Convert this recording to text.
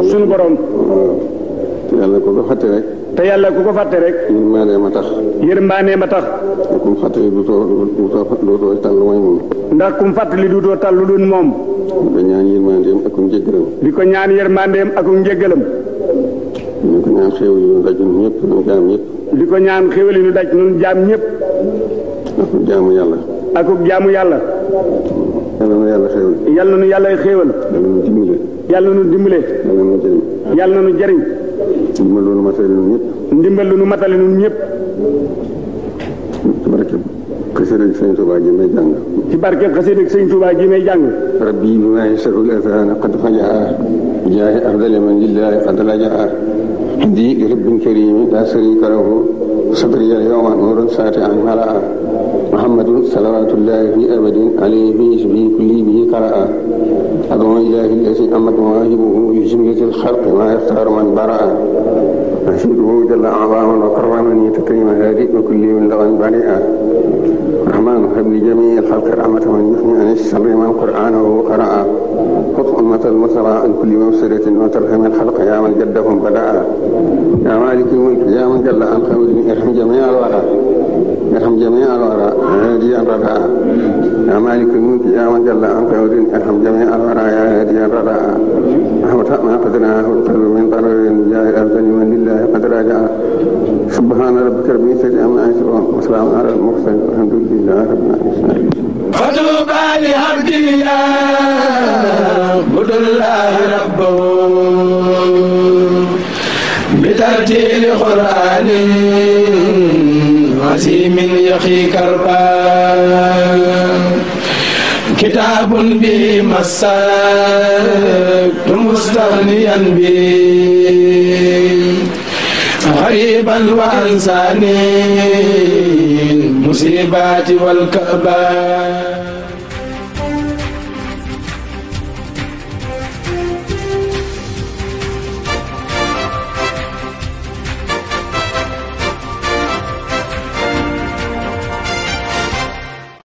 suñu borom. te yàlla ku ko fàtte rek. te yàlla ku ko fàtte rek. yërmande a tax. yërmande ma tax. ndax kum fàttali duutoo duutoo tal tal lu dul moom. di ko ñaan yërmandeem ak um njëggalam. di ko ñaan yërmandeem ak um njëggalam. di ko ñaan xéwal yu daj ñun jaam ñëpp. di ko jaamu yàlla. akuk jaamu yàlla. yàlla na yàlla xéewal. yàlla na yàlla xéewal. yàlla na dimbale. yàlla na jëriñ. ndimbal lu nu matale ñun ñëpp. ndimbal lu nu matale ñun ñëpp. ci barke xasida ak sëñ Touba ji may jàng. ci barke xasida ak sëñ Touba ji may jàng. rabbi bi maa yasarul azaan qad fajaa jaahi afdali man lillahi qad lajaa di rabbin karimi laa sarika lahu sadri yawman nuran saati an malaa محمد صلوات الله أبدا عليه بيشبه كل به قرأ أدعو إله الذي أمت مواهبه بجملة الخلق ويختار من برأ أشهده جل أعظاما وكرما يتكرم هادئ وكل من لغا بريئا الرحمن هب لجميع الخلق رحمة من يثني عن الشر من قرآنه قرأ خط أمة المثرى عن كل مفسدة وترحم الخلق يا من جدهم بدأ يا مالك الملك يا من جل عن خير مالك الملك يا من جل عن قول ارحم جميع الورى يا هادي الردى اهوت ما قدنا وابتل من ضرر جاء ابدا من الله قد راجع سبحان ربك رب العزه عما يصفون وسلام على المرسلين والحمد لله رب العالمين فتوبى لعبد الله عبد الله ربه بترتيل قران عزيم يخي كربان كتاب به مسكت مستغنيا به غريبا وانساني المصيبات والكأبات